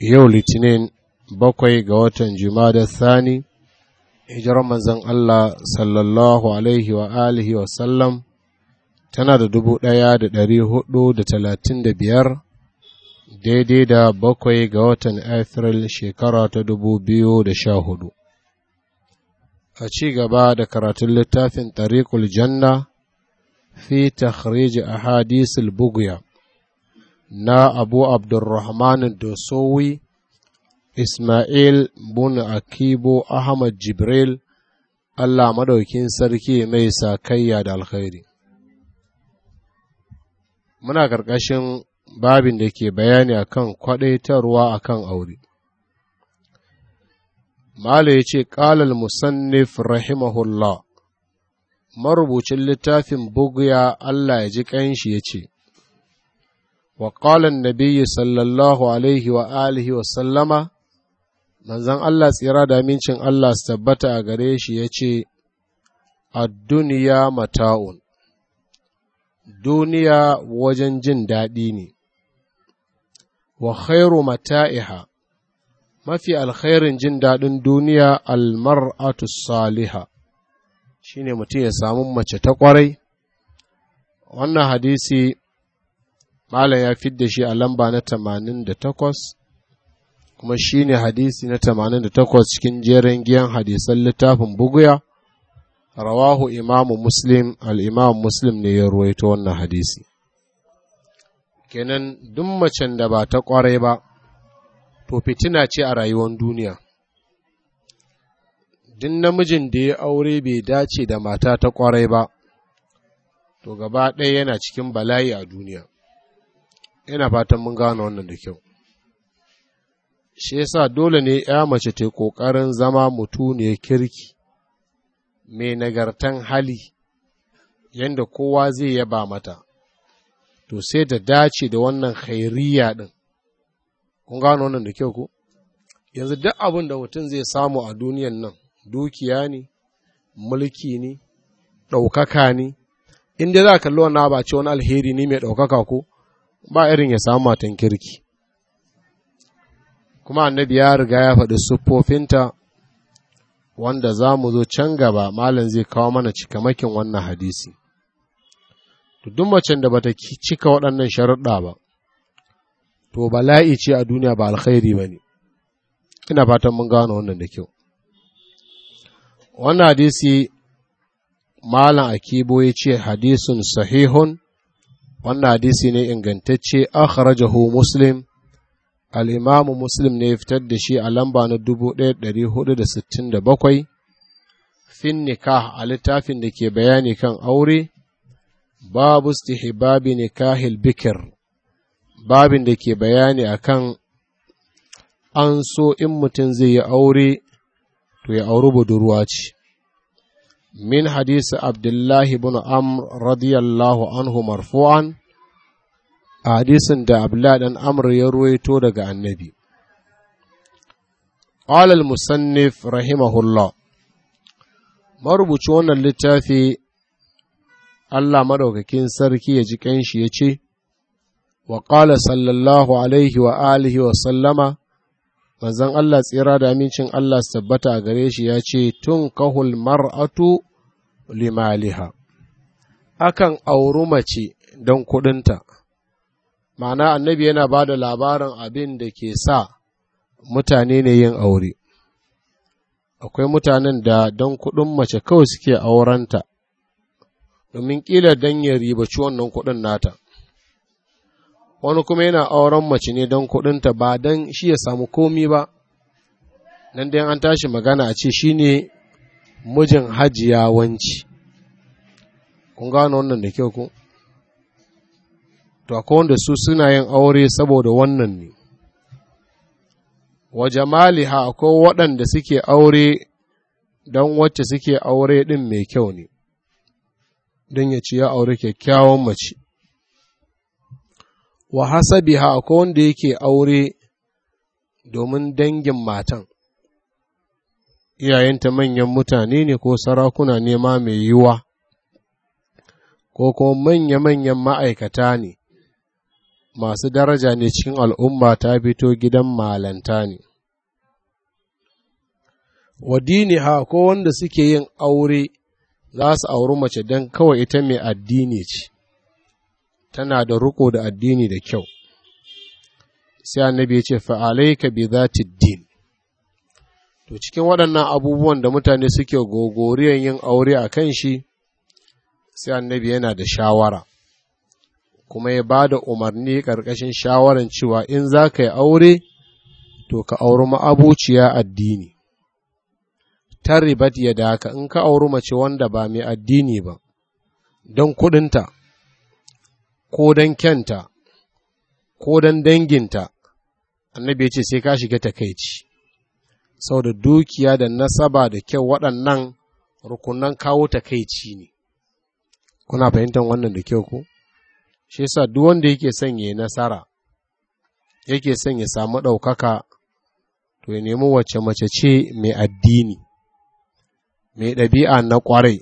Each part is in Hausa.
yau litinin bakwai ga watan jumada sani hijiran manzan Allah sallallahu alaihi wa alihi wa sallam tana da dubu ɗaya da ɗari hudu da talatin da biyar daidai da bakwai ga watan Afril shekara ta dubu biyu da sha hudu a ci gaba da karatun littafin tariqul janna fi a ahadisul bugya na abu Abdulrahman dosowi ismail bun akibo ahmad jibril allah madaukin sarki mai sakayya da alkhairi muna ƙarƙashin babin da ke bayani akan kwadaitarwa akan aure Malam ya ce ƙalal musannif rahimahullah marubucin littafin buguya Allah ya ji ƙanshi ya ce, وقال النبي صلى الله عليه وآله وسلم manzon Allah tsira da amincin Allah su tabbata a gare shi ya ce, duniya mata'un, duniya wajen jin daɗi ne, wa khairu mata'iha, mafi alkhairin jin daɗin duniya almar'atu saliha, shi ne mutum ya samu mace ta ƙwarai, wannan hadisi malam ya fidda shi a lamba na tamanin da takwas kuma shi ne hadisi na tamanin da takwas cikin jerin giyan hadisan littafin buguya rawahu imamu muslim al'imam muslim ne ya ruwaito wannan hadisi kenan duk macen da ba ta kwarai ba to fitina ce a rayuwar duniya duk namijin da ya aure bai dace da mata ta kwarai ba to gaba ɗaya yana cikin bala'i a duniya ina fatan mun gane wannan da kyau shi yasa dole ne ya mace ta kokarin zama mutuniyar kirki mai nagartan hali yadda kowa zai yaba mata to sai ta dace da wannan khairiyya din kun gano wannan da kyau ko yanzu duk abin da mutum zai samu a duniyan nan dukiya ne mulki ne ɗaukaka ne inda za ka kalli wannan ba ce wani alheri ne mai ɗaukaka ko ba irin ya samu matan kirki kuma annabi ya riga ya faɗi siffofinta wanda za mu zo can gaba malam zai kawo mana cikamakin wannan hadisi duk macen da bata cika waɗannan sharuɗa ba to bala'i ce a duniya ba alkhairi ba ne ina fatan mun gano wannan da kyau wannan hadisi malam akibo ya ce hadisun sahihun wannan hadisi ne ingantacce akhrajahu muslim al'imamu muslim ne fitar da shi a lamba na 1467 fin nikah a littafin da ke bayani kan aure babu stihibabi nikahil bikir babin da ke bayani akan an so in mutum zai yi aure to ya auri budurwa ce من حديث عبد الله بن عمرو رضي الله عنه مرفوعا حديث دا عبد الله بن عمرو يروي تودك عن النبي قال المصنف رحمه الله مربوطون اللتافي Allah maɗaukakin sarki ya يجي وقال صلى الله عليه وآله وسلم alaihi wa alihi wa sallama, manzan Allah tsira da amincin Allah su tabbata a gare shi ya ce tun kahul mar'atu limaliha akan auri mace don kuɗinta ma'ana annabi yana ba da labarin abin da ke sa mutane ne yin aure akwai mutanen da don kuɗin mace kawai suke aurenta domin kila don ya ribaci wannan kuɗin nata wani kuma yana auren mace ne don kuɗinta ba don shi ya samu komi ba nan dai an tashi magana a ce shi ne mijin hajiyawanci. wanci kun gano wannan da kyau ku to akwai wanda su suna yin aure saboda wannan ne wa ha akwai waɗanda suke aure don wacce suke aure ɗin mai kyau ne don ya ci ya aure kyakkyawan mace wa hasabiha akwai wanda yake aure domin dangin matan iyayenta manyan mutane ne ko sarakuna ne ma mai yiwa ko kuma manya-manyan ma'aikata ne masu daraja ne cikin al'umma ta fito gidan malanta ne wadini ha ko wanda suke yin aure za su auri mace don kawai ita mai addini ce tana da riko da addini da kyau sai annabi ya ce fa'alaika bi zati din to cikin waɗannan abubuwan da mutane suke gogoriyan yin aure a kan shi sai annabi yana da shawara kuma ya ba da umarni ƙarƙashin shawaran cewa in za ka yi aure to ka auri ma'abuciya addini ta ribat ya daka in ka auri mace wanda ba mai addini ba don kuɗinta ko don kyanta, ko don danginta, annabi ya ce sai ka shiga takaici. saboda dukiya da nasaba da kyau waɗannan rukunan kawo takaici ne. Kuna fahimtar wannan da kyau ko? Shi yasa duk wanda yake son ya nasara, yake son ya samu ɗaukaka, to ya nemi wacce mace ce mai addini, mai ɗabi'a na ƙwarai,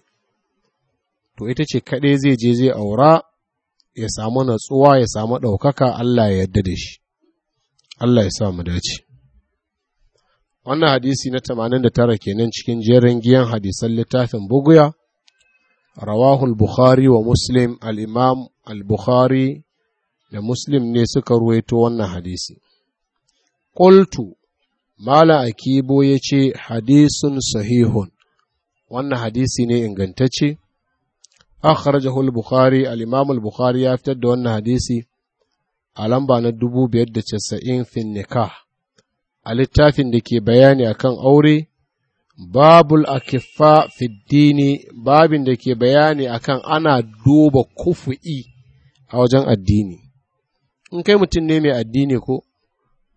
to ita ce kaɗai zai je zai aura ya samu natsuwa ya samu ɗaukaka Allah ya yarda da shi Allah ya sa dace wannan hadisi na 89 kenan cikin jerin giyan hadisan littafin buguya rawahul bukhari wa muslim alimam al-bukhari da muslim ne suka ruwaito wannan hadisi kultu mala akibo ya ce hadisun sahihun wannan hadisi ne ingantacce akhrajahu al-bukhari al-imam al-bukhari ya fitar da wannan hadisi a lamba na dubu biyar da casa'in nikah a littafin da ke bayani akan aure babul akiffa fiddini babin da ke bayani akan ana duba kufu'i a wajen addini in kai mutum ne mai addini ko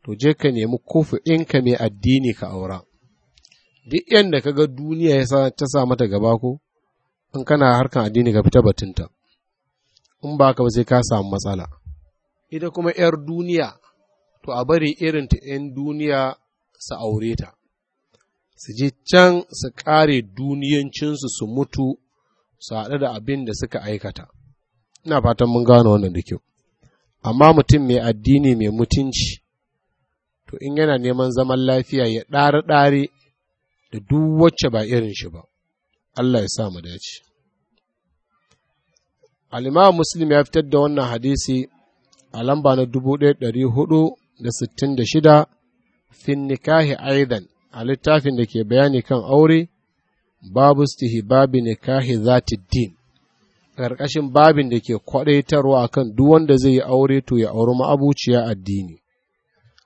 to je ka nemi kufu'inka mai addini ka aura duk yadda ka ga duniya ya ta sa mata gaba ko in kana harkan addini ka fita batunta in ba ka ba sai ka samu matsala ita kuma 'yar duniya to a bari irin ta 'yan duniya su aure ta su je can su kare duniyancinsu su mutu su haɗu da abin da suka aikata ina fatan mun gano wannan da kyau amma mutum mai addini mai mutunci to in yana neman zaman lafiya ya ɗare-ɗare da duk wacce ba irin shi ba Allah ya sa mu dace Alima muslim ya fitar da wannan hadisi a lamba na 1466 fin nikahi aidan a littafin da ke bayani kan aure babu babi nikahi zati din ƙarƙashin babin da ke kwaɗaitarwa akan duk wanda zai yi aure to ya auri ma'abuciya addini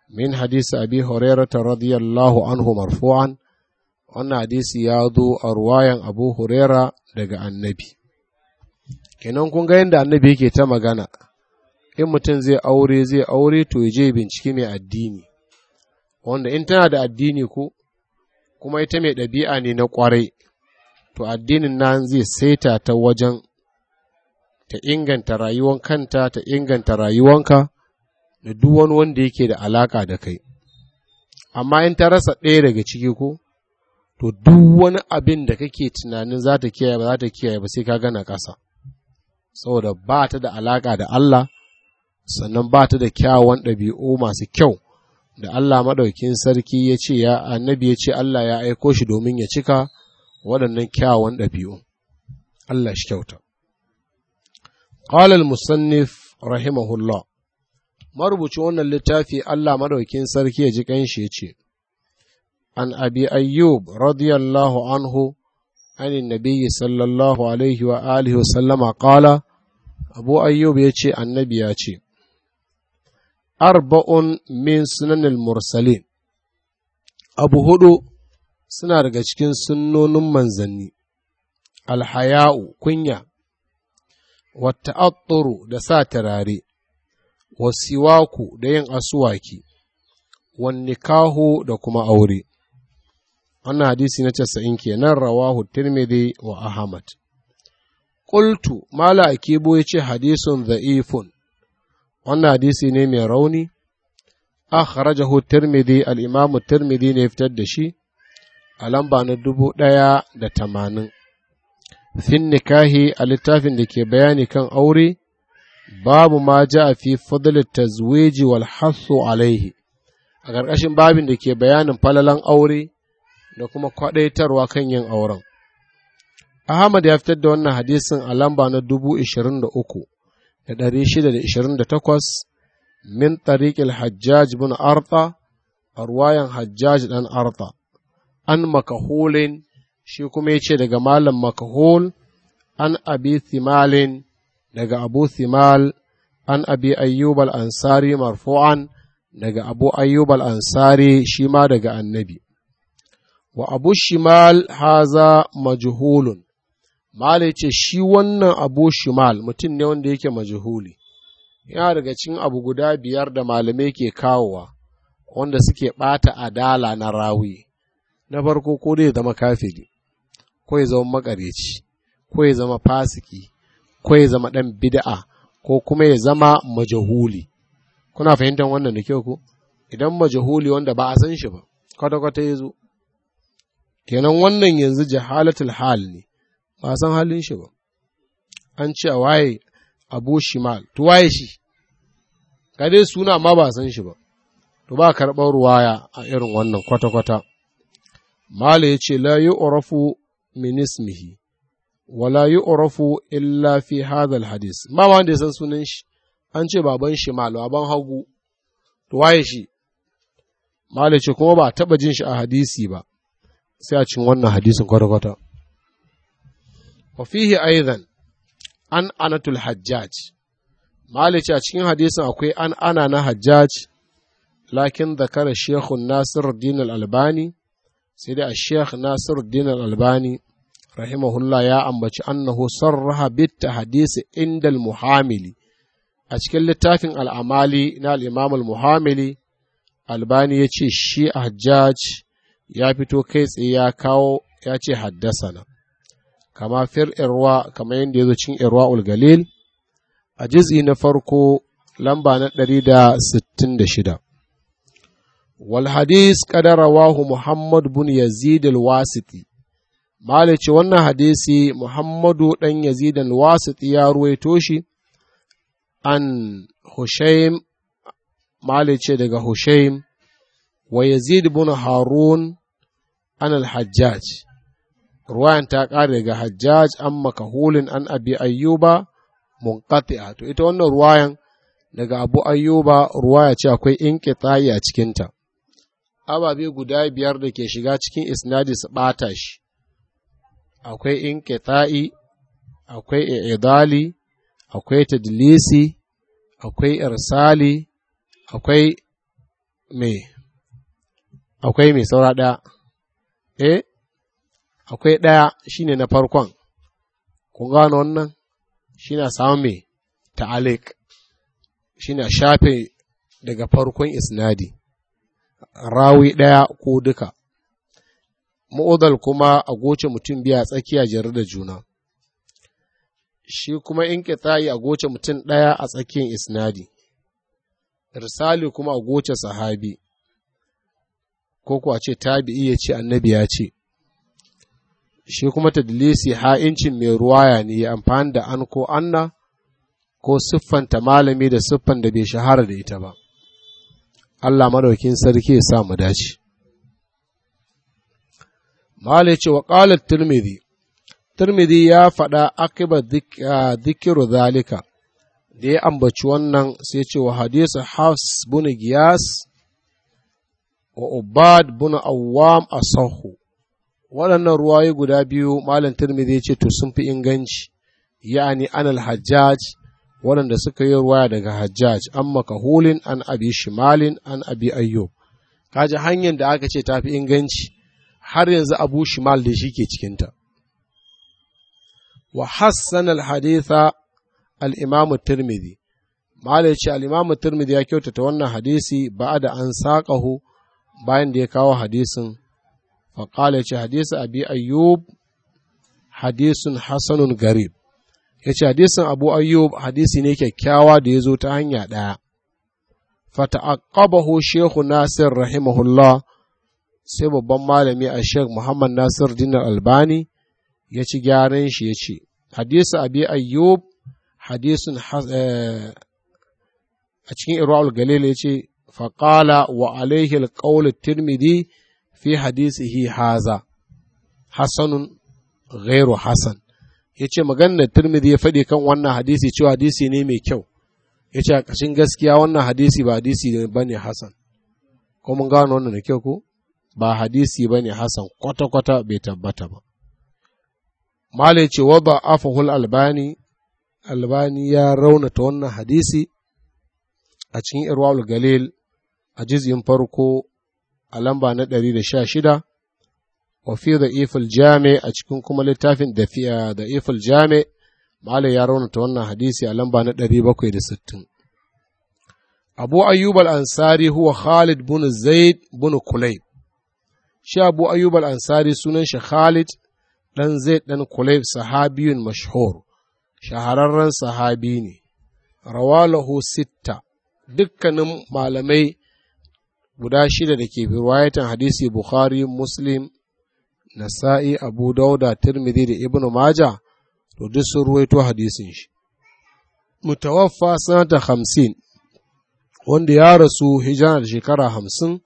min hadisi abi hurairata radiyallahu anhu marfu'an wannan hadisi ya zo a ruwayan abu huraira daga annabi kenan kun ga yadda annabi yake ta magana in mutum zai aure zai aure to ya je bincike mai addini wanda in tana da addini ko kuma ita mai ɗabi'a ne na ƙwarai to addinin nan zai saita ta wajen ta inganta rayuwan kanta ta inganta rayuwanka da duk wani wanda yake da alaka da kai amma in ta rasa ɗaya daga ciki ko to duk wani abin da kake tunanin za ta kiyaye ba za ta kiyaye ba sai ka gana ƙasa saboda ba ta da alaƙa da Allah sannan ba ta da kyawun ɗabi'u masu kyau da Allah maɗaukin sarki ya ce ya annabi ya ce Allah ya aiko shi domin ya cika waɗannan kyawun ɗabi'u Allah shi kyauta qala al-musannif rahimahullah marubuci wannan littafi Allah maɗaukin sarki ya ji kanshi ya ce عن أبي أيوب رضي الله عنه عن النبي صلى الله عليه وآله وسلم قال أبو أيوب يتشي النبي يتشي أربع من سنن المرسلين أبو هدو suna daga cikin sunnonin manzanni, alhaya'u kunya, wata atturu da sa turare, wasiwaku da yin asuwaki, wannikahu da kuma aure. wannan hadisi na casa'in kenan rawahu tirmidhi wa ahmad qultu mala akibo yace hadisun dha'ifun wannan hadisi ne mai rauni akhrajahu tirmidhi al-imam tirmidhi ne fitar da shi a lamba na dubu ɗaya da tamanin fin nikahi a littafin da ke bayani kan aure babu ma ja a fi fadl tazwiji wal hassu alaihi a ƙarƙashin babin da ke bayanin falalan aure da kuma kwaɗaitarwa kan yin auren. Ahmad ya fitar da wannan hadisin a lamba na dubu ishirin da uku da ɗari shida da ishirin da takwas min tariƙil hajjaj bin arta a ruwayan hajjaj ɗan arta an makahulin shi kuma ya ce daga malam makahul an abi thimalin daga abu thimal an abi ayyubal ansari marfu'an daga abu ayyubal ansari shi ma daga annabi wa abu shimal haza majhulun Malai ce shi wannan abu shimal mutum ne wanda yake majhuli yana daga cikin abu guda biyar da malamai ke kawowa wanda suke ɓata adala na rawi na farko ko dai zama kafiri ko ya zama makareci ko ya zama fasiki ko ya zama ɗan bid'a ko kuma ya zama majahuli kuna fahimtar wannan da kyau ko idan majhuli wanda ba a san shi ba kwata-kwata ya zo kenan wannan yanzu jahalatul hal ne ba san halin shi ba an ce a waye abu shimal to waye shi ga dai suna ma ba san shi ba to ba karɓar ruwaya a irin wannan kwata-kwata mala ya ce la yi orafu minismihi wala yi orafu illa fi hadal hadis ba wanda ya san sunan shi an ce baban shimal baban hagu to waye shi mala ya ce kuma ba taɓa jin shi a hadisi ba sai a cin wannan hadisin kwata-kwata wa fihi an anatul hajjaj malice a cikin hadisin akwai an ana na hajjaj lakin zakara shekun Nasiru din albani sai dai a shekh Nasiru din albani rahimahullah ya ambaci annahu sarraha bitta hadisi inda muhamili a cikin littafin al'amali na al'imam muhamili albani ya ce shi hajjaj ya fito kai tsaye ya kawo ya ce haddasana kama fir irwa kama yadda ya zo cin irwa ulgalil a jiz'i na farko lamba na 166 wal hadis wahu muhammad bin yazid al-wasiti malice wannan hadisi muhammadu dan yazid al-wasiti ya ruwaito shi an hushaim malice daga hushaim wa yazid ibn harun an hajjaj ruwayan ta ƙare daga hajjaj an makahulin an abi ayyuba munqati'a to ita wannan ruwayan daga abu ayyuba ruwaya ce akwai inqita'i a cikinta ababe guda biyar da ke shiga cikin isnadi su bata shi akwai inqita'i akwai i'dali akwai tadlisi akwai irsali akwai me akwai mai saura ɗaya eh akwai ɗaya shi ne na farkon kun gano wannan shi na samun mai ta'alik shi na shafe daga farkon isnadi rawi ɗaya ko duka Ma’udal kuma a goce mutum biya tsakiya jere da juna shi kuma in yi a goce mutum ɗaya a tsakiyar isnadi irsali kuma a goce sahabi ko kuwa ce tabi'i ya ce annabi ya ce shi kuma tadlisi ha'incin mai ruwaya ne ya amfani da an ko anna ko siffanta malami da siffan da bai shahara da ita ba Allah madaukin sarki ya sa mu dace Mala ce wa ƙalar Tirmidhi, Tirmidhi ya faɗa akiba zikiru zalika, da ya ambaci wannan sai ce wa hadisu Hafs bune Giyas wa Ubad bin Awwam asahu waɗannan ruwaye guda biyu malam turmidi ya ce to sun fi inganci ya'ani anal Hajjaj waɗanda suka yi ruwaya daga Hajjaj an makahulin an abi shimalin an abi ayyub kaji hanyar da aka ce ta fi inganci har yanzu abu shimal da shi ke cikinta. Wa hassan al-haditha al'imamu Tirmidhi, Mala ya ce al'imamu turmidi ya kyautata wannan hadisi ba da an saƙahu bayan da ya kawo hadisin faƙala ce hadisin abi ayyub hadisin hasanun garib ya ce hadisin abu ayyub hadisi ne kyakkyawa da ya zo ta hanya ɗaya fata'aqqabahu shehu nasir rahimahullah sai babban malami a sheikh muhammad nasir dinar albani ya ci gyaran shi ya ce hadisin abi ayyub hadisin eh, a cikin irwa'ul galil ya ce faƙala وعليه القول الترمذي في حديثه هذا haza hasanun حسن hasan ya ce maganar tirmidhi ya faɗi kan wannan hadisi cewa hadisi ne mai kyau ya ce a ƙashin gaskiya wannan hadisi ba hadisi ba ne hasan ko mun gano wannan da kyau ko ba hadisi ba ne hasan kwata-kwata bai tabbata ba mala ya ce wa ba afahul albani albani ya raunata wannan hadisi a cikin irwal galil a jizyin farko a lamba na ɗari da sha shida, wa fi da ifil jami a cikin kuma littafin da ifil jami, Malam ya raunata wannan hadisi a lamba na ɗari bakwai da sittin. Abu Ayyub ansari huwa Khalid bin Zaid bin Kulayb. Shi Abu Ayyub ansari sunan shi Khalid dan Zaid dan Kulayb sahabiyun mashhur, shahararren sahabi ne. Rawalahu sitta, dukkanin malamai guda shida da ke riwayatan hadisi Bukhari, Muslim, Nasa'i, Abu Dauda, Tirmidhi da Ibn Maja, to duk sun ruwaito hadisin shi. Mutawaffa sanata hamsin, wanda ya rasu hijira da shekara hamsin,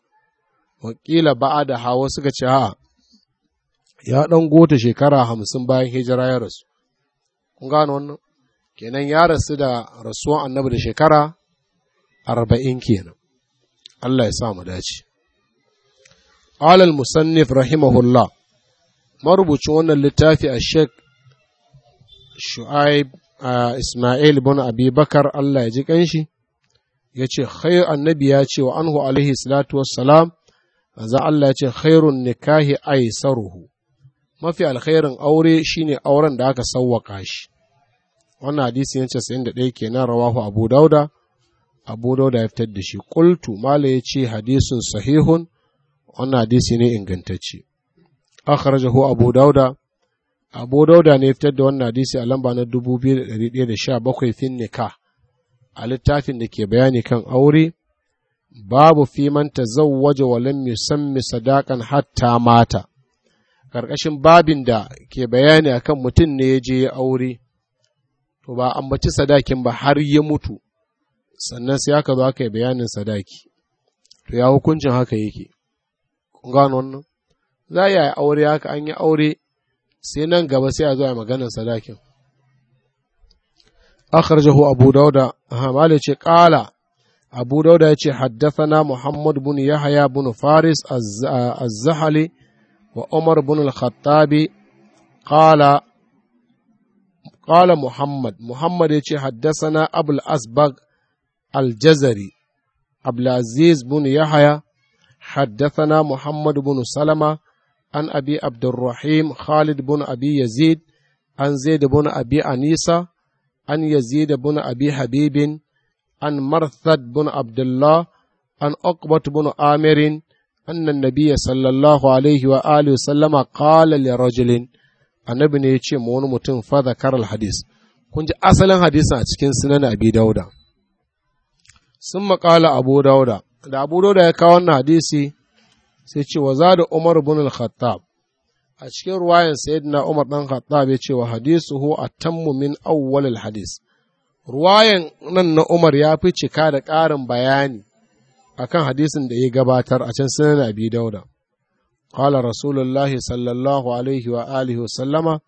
wakila ba'a da hawa suka ce ha, ya ɗan gota shekara hamsin bayan hijira ya rasu. Kun gano wannan? Kenan ya rasu da rasuwan annabi da shekara arba'in kenan. Allah ya sa mu dace alal musannif rahimahullah marubucin wannan littafi a Sheikh shu'aib isma'il bin abi bakar Allah ya ji kanshi ya ce annabi ya ce wa anhu alaihi salatu wassalam za Allah ya ce khairun nikahi aisaruhu mafi alkhairin aure shine auren da aka sawwaka shi wannan hadisi ya ce 71 kenan rawahu abu dauda abu dauda ya fitar da shi qultu mala ya ce hadisun sahihun wannan hadisi ne ingantacce akhrajahu abu dauda abu dauda ne fitar da wannan hadisi a lamba na 2117 fin nika. a littafin da ke bayani kan aure babu fi man tazawwaja wa lam yusammi sadaqan hatta mata karkashin babin da ke bayani akan mutum ne ya je aure to ba ambaci sadakin ba har ya mutu sannan sai aka zo aka yi bayanin sadaki to ya hukuncin haka yake kun gano wannan za a yi aure haka an yi aure sai nan gaba sai a zo a maganar sadakin akhrajahu abu dauda hamale ce kala abu dauda ya ce haddathana muhammad bin yahya bin faris az-zahali wa umar bin al-khattabi qala قال محمد محمد يجي حدثنا أبو الأسبق aljazari abdulaziz bin yahaya حدثنا محمد بن سلمة عن أبي عبد الرحيم خالد بن أبي يزيد عن زيد بن أبي أنيسة عن يزيد بن أبي حبيب عن مرثد بن عبد الله عن عقبة بن عامر أن النبي صلى الله عليه وآله وسلم قال لرجل annabi ne ya ce ma wani mutum fa zakar al hadis kun ji asalin hadisin a cikin sunan abi dauda sun maƙala abu dauda da abu dauda ya kawo wannan hadisi sai ce wa da umar bin al-khattab a cikin ruwayan sayyidina umar dan khattab ya ce wa hadisuhu atammu min awwal al-hadis ruwayan nan na umar ya fi cika da ƙarin bayani akan hadisin da ya gabatar a can sunan abi dauda qala rasulullahi sallallahu alaihi wa alihi sallama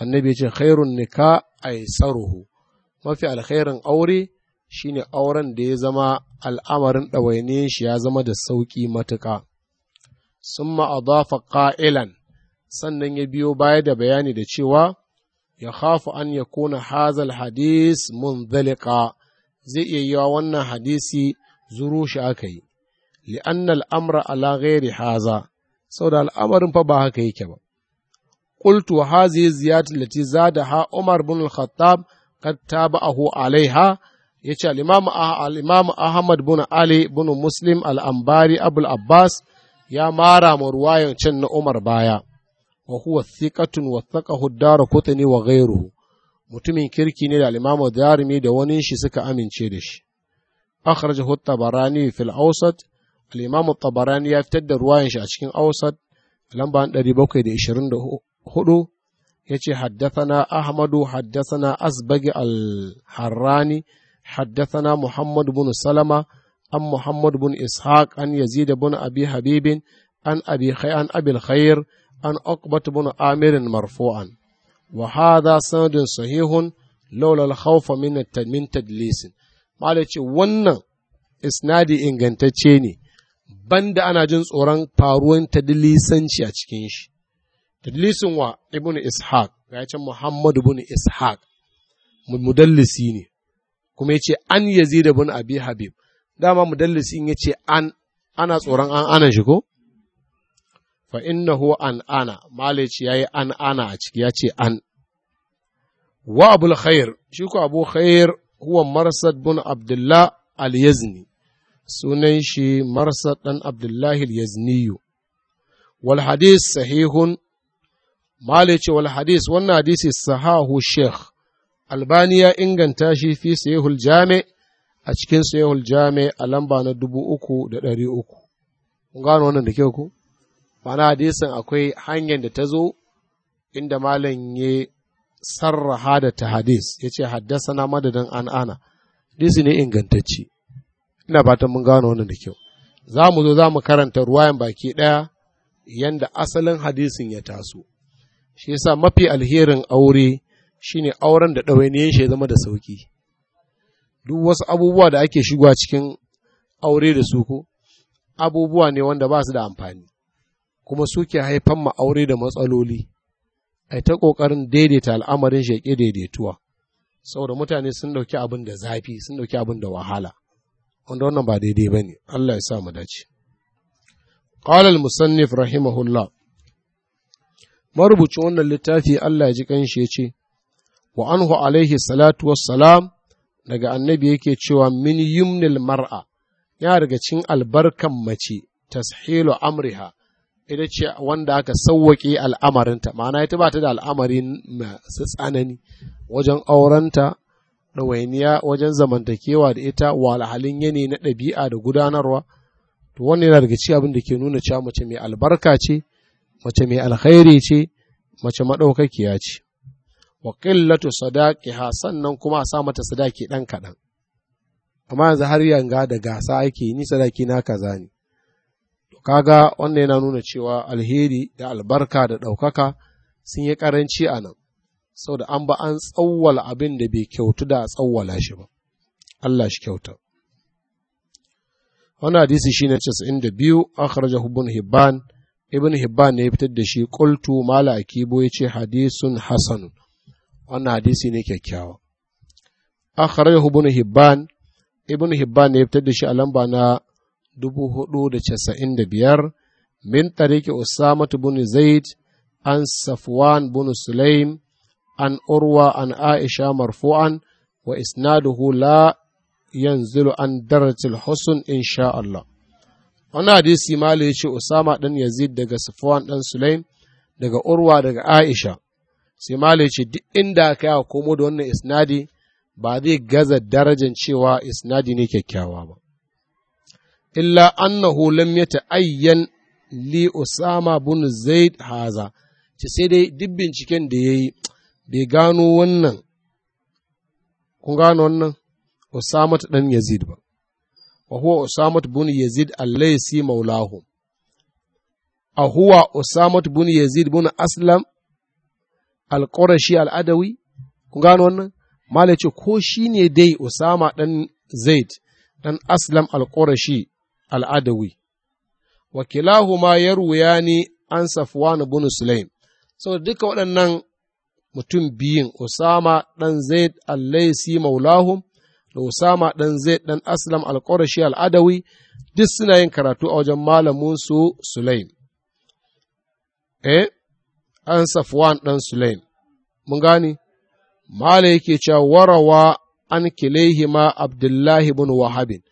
annabi ce khairun nika aisaruhu mafi alkhairin aure Shi ne auren da ya zama al'amarin ɗawainiyin shi ya zama da sauƙi matuƙa. Sun ma'adafa ƙa'ilan, sannan ya biyo baya da bayani da cewa, ya hafu an ya kona hazal hadis mun zalika zai iya yiwa wannan hadisi zuru shi aka yi, li'an al'amra ala ghairi haza, sau da al'amarin fa ba haka yake ba. Ƙultu hazi da lati zada ha Umar bin Khattab, kad alaiha ya ce al'imamu ah, ahmad bin ali bin muslim al'ambari abul abbas ya mara ma ruwayan can na umar baya wa huwa thiqatun wa thaqahu daru kutani wa gairu mutumin kirki ne da al'imamu jarumi da wani shi suka amince da shi akhrajahu at-tabarani fil awsat al tabarani ya fitar da ruwayan shi a cikin ausat lamba 724 yace haddathana ahmadu haddasana asbagi al-harrani حدثنا محمد بن salama an محمد بن ishak an يزيد bin أبي حبيب عن أبي خي عن أبي الخير عن عقبة بن عامر مرفوعا وهذا سند صحيح لولا الخوف من ce wannan isnadi ingantacce ne banda ana jin tsoron faruwan tadlisanci a cikin shi tadlisin wa ibnu ishaq ga can muhammadu ibnu ishaq mudallisi ne kuma ya ce an da bin abi habib dama mudallisin ya ce an ana tsoron an ana shi ko fa innahu an ana malici yayi an ana a ciki ya ce an wa abul khair shi ko abu khair huwa marsad bin abdullah al-yazni sunan shi marsad dan abdullahi al-yazni wal hadith sahihun malici wal hadith wannan hadisi sahahu sheikh albani ya inganta shi fi sayihul jami a cikin sayihul jami a lamba na dubu uku da ɗari uku kun gano wannan da kyau ku mana hadisin akwai hanyar da ta zo inda malam ya sarraha da ta hadis ya ce haddasa na madadin an ana hadisi ne ingantacci ina fatan mun gano wannan da kyau za mu zo za mu karanta ruwayan baki ɗaya yanda asalin hadisin ya taso shi yasa mafi alherin aure shine auren da ɗawainiyan shi ya zama da sauki duk wasu abubuwa da ake shigowa cikin aure da su ko abubuwa ne wanda ba su da amfani kuma suke haifan ma aure da matsaloli a ta ƙoƙarin daidaita al'amarin shi ya daidaituwa saboda mutane sun ɗauki abin da zafi sun ɗauki abin da wahala wanda wannan ba daidai ba ne Allah ya sa mu dace qala al-musannif rahimahullah marubucin wannan littafi Allah ya ji kanshi ya ce wa anhu alaihi salatu wassalam daga annabi yake cewa min yumnil mar'a ya daga cin albarkan mace tashilu amriha ita ce wanda aka sauwaƙe al'amarinta ma'ana ita ba ta da al'amari masu tsanani wajen aurenta ɗawainiya wajen zamantakewa da ita wa walhalin yanayi na ɗabi'a da gudanarwa to wannan yana daga cikin abin da ke nuna cewa mace mai albarka ce mace mai alkhairi ce mace maɗaukakiya ce wa qillatu sadaqiha sannan kuma a sa mata sadaki ɗan kaɗan amma yanzu har yanga da gasa ake ni sadaki na kaza ne to ga wannan yana nuna cewa alheri da albarka da ɗaukaka sun yi ƙaranci a nan saboda an ba an tsawwala abin da bai kyautu da a tsawwala shi ba Allah shi kyauta wannan hadisi shine 92 akhrajahu ibn hibban ibn hibban ne ya fitar da shi qultu mala akibo yace hadisun hasanun wannan hadisi ne kyakkyawa akhrajahu ibn hibban ibn hibban ne ya fitar da shi a lamba na 495 min tariki usama ibn zaid an safwan ibn sulaim an urwa an aisha marfu'an wa isnaduhu la yanzilu an darajatil husn insha Allah wannan hadisi malai ya ce usama dan yazid daga safwan dan sulaim daga urwa daga aisha sai malai ce duk inda aka yawa komo da wannan isnadi ba zai gaza darajan cewa isnadi ne kyakkyawa ba illa annahu lam yata'ayyan li usama bin zaid haza ce sai dai duk binciken da ya yi bai gano wannan kun gano wannan usama dan yazid ba wa huwa usama bin yazid si maulahu a huwa usama bin yazid bin aslam alƙorashi al'adawi, kun gano wannan? Mala ce, ko shi ne dai Usama ɗan Zaid, ɗan Aslam alƙorashi al'adawi, ma ya ruya ne an Safwan bunu Sulaim, saboda duka waɗannan mutum biyun Usama ɗan Zaid al Maulahu da Usama ɗan Zaid ɗan Aslam al-Qurashi al-Adawi duk suna yin karatu a wajen malamin su Sulaim. Eh, an Safwan ɗan Sulaim. Mun gane? Mala yake cewa warawa an ma Abdullahi bin Wahabin,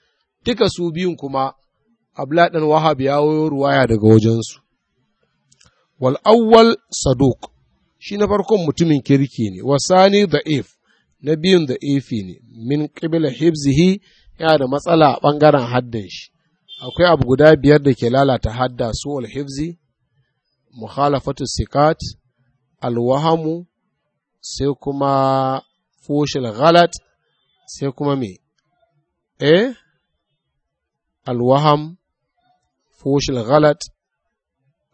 duka su biyun kuma Abdullahi ɗan Wahab ya wayo ruwaya daga wajensu. Wal awwal saduk shi na farkon mutumin kirki ne, wasani if na biyun da ifi ne, min ƙibila hibzihi yana da matsala a ɓangaren haddan shi. Akwai abu guda biyar da ke lalata hadda su hibzi mukhalafatu sikat alwahamu sai kuma fushil ghalat sai kuma me eh alwaham fushil ghalat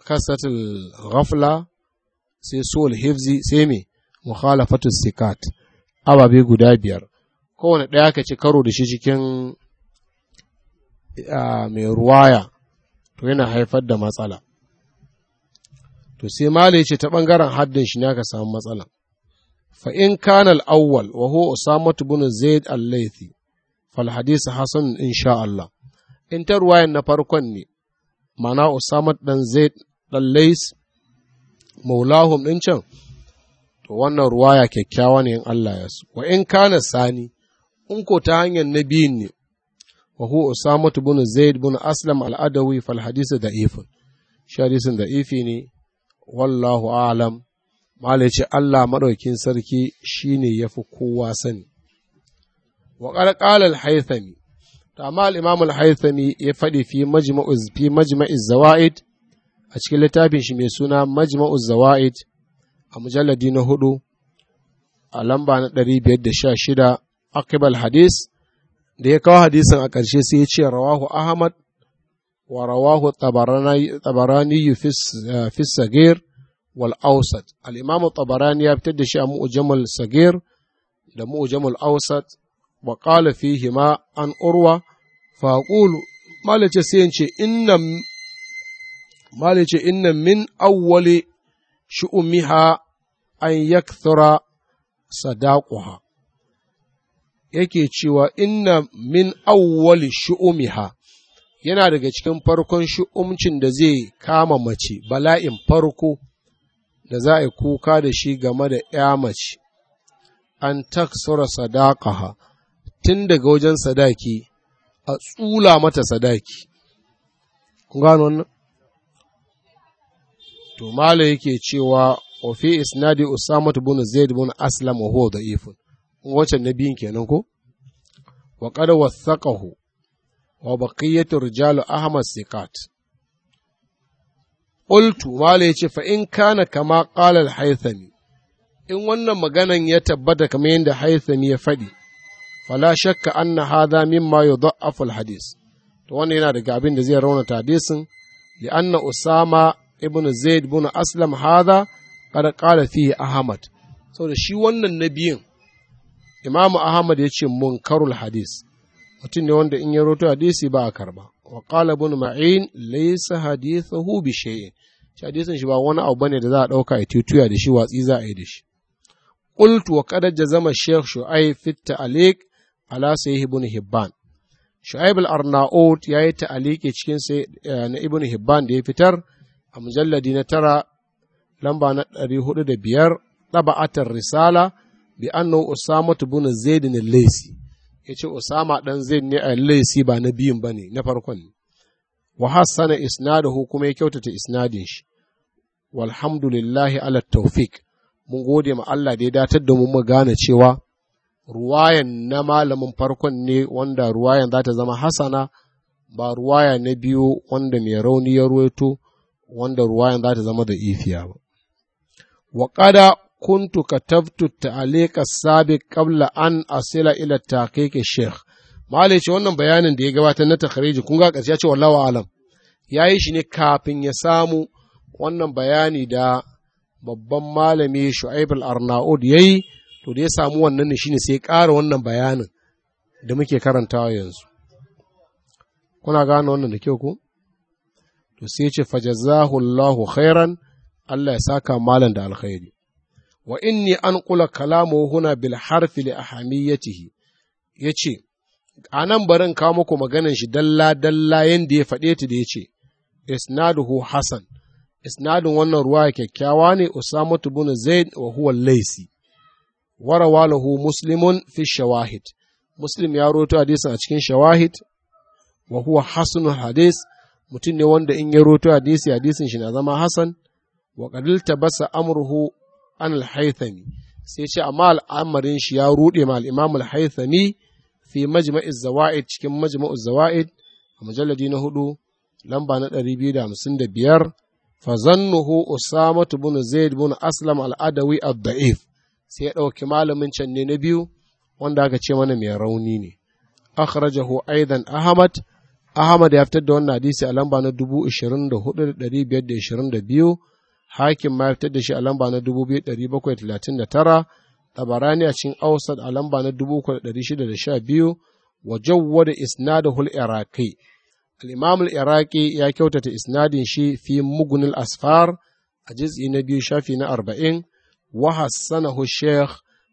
kasatul ghafla sai sul hifzi sai me mukhalafatu sikat ababe guda biyar kowane ɗaya ka ci karo da shi cikin ah, mai ruwaya to yana haifar da matsala to sai mala ce ta ɓangaren haddin shi ne aka samu matsala fa in kana al-awwal wa huwa usama ibn zaid al-laythi fal hadith hasan insha Allah in ta ruwayan na farkon ne mana usama dan zaid dan lays maulahum din can to wannan ruwaya kyakkyawa ne in Allah ya so wa in kana sani in ko ta hanyar na biyun ne wa huwa usama ibn zaid ibn aslam al-adawi fal hadith da'if shi hadisin da'ifi ne wallahu alam mala Allah maɗaukin sarki shine yafi kowa sani wa qala al-haythami to amma imam al-haythami ya faɗi fi majma'u fi majma'i zawaid a cikin littafin shi mai suna majma'u zawaid a mujalladi na hudu a lamba na 516 aqibal hadis da ya kawo hadisin a ƙarshe sai ya ce rawahu ahmad ورواه الطبراني الطبراني في آه، في الصغير والأوسط الإمام الطبراني يبتدي شيء مؤجم الصغير لمؤجم الأوسط وقال فيهما أن أروى فأقول ما لتسينش إن ما إن من أول شؤمها أن يكثر صداقها yake cewa inna min awwali shu'umiha yana daga cikin farkon shu'umcin da zai kama mace bala'in farko da za a yi kuka da shi game da ‘ya mace, an taksura sadaqaha tun daga wajen sadaki a tsula mata sadaki. gano wannan? To, Mala yake cewa, wa fi isnadi usama bin Zaid bin Aslam wa huwa da'ifun, wancan na biyun kenan ko? Wa qad wathaqahu wa baqiyatu rijalu ahmad sikat qultu mala yace fa in kana kama qala al in wannan maganan ya tabbata kamar yadda haythami ya faɗi fala shakka anna hadha mimma yudha'afu al-hadith to wannan yana daga abin da zai raunata hadisin li anna usama ibn zaid bin aslam hadha qad qala fihi ahmad saboda shi wannan nabiyin imamu ahmad ya ce munkarul hadis mutum ne wanda in ya roto hadisi ba a karba wa qala ibn ma'in laysa hadithuhu bi shay'in shi hadisin shi ba wani abu bane da za a ɗauka a tutuya da shi watsi za a yi da shi qultu wa qad jazama shaykh shu'aib fi ta'liq ala sahih ibn hibban shu'aib al-arnaut yayi ta'liqi cikin sai eh, na ibn hibban da ya fitar a mujalladi na tara lamba na ɗari hudu da biyar ɗaba'atar risala bi Usama usamatu bin zaidin laisi ya ce Usama ɗan zai ne a laisi ba na biyun ba ne na farkon ne, wa hassana isnadahu kuma ya kyautata isnadin shi, walhamdulillahi ala taufik mun gode ma Allah da ya datar da mu mu gane cewa ruwayan na malamin farkon ne wanda ruwayan za ta zama hasana ba ruwaya na biyu wanda mai rauni ya ruwaito wanda ruwayan za ta zama da ifiya ba. Waƙada kuntu katabtu ta'alika sabiq qabla an asila ila taqiq sheikh malai ce wannan bayanin da ya gabatar na takhriji kun ga ƙarshe ya ce wallahu alam yayi shi ne kafin ya samu wannan bayani da babban malami Shu'aib al-Arnaud yayi to da ya samu wannan ne shine sai ƙara wannan bayanin da muke karantawa yanzu kuna gane wannan da kyau ko to sai ce fajazahu Allahu khairan Allah ya saka malan da alkhairi wa inni an kula kalamu huna bil harfi li ahamiyatihi yace a nan barin kawo muku maganan shi dalla dalla yanda ya faɗe ta da yace isnaduhu hasan isnadin wannan ruwa kyakkyawa ne usamatu bin zaid wa huwa laisi warawalahu muslimun fi shawahid muslim ya roto hadisi a cikin shawahid wa huwa hasanul hadis mutum ne wanda in ya roto hadisi hadisin shi na zama hasan wa qadil tabassa amruhu an al sai ce amma al'amarin shi ya rude ma al-imam fi majma'iz zawaid cikin majma'uz zawaid a mujalladi na hudu lamba na 255 fa zannuhu usama ibn zaid ibn aslam al'adawi adawi ad-da'if sai ya ɗauki malamin can ne na biyu wanda aka ce mana mai rauni ne akhrajahu aidan ahmad ahmad ya fitar da wannan hadisi a lamba na biyu. hakim ma fitar da shi a lamba na 2739 tabarani a cikin ausad a lamba na 3612 wa jawwa da isnadahul iraqi al-imam al-iraqi ya kyautata isnadin shi fi mugunil asfar a jiz'i na biyu shafi na 40 wa sheikh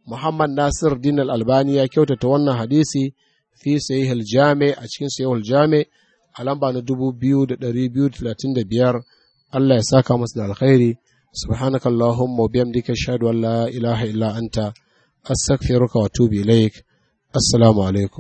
muhammad nasir din albani ya kyautata wannan hadisi fi sahih al-jami a cikin sahih al-jami a lamba na 2235 Allah ya saka masu da alkhairi subhanaka allahumma wa bihamdika ashhadu an la ilaha illa anta astaghfiruka wa atubu ilaik assalamu alaikum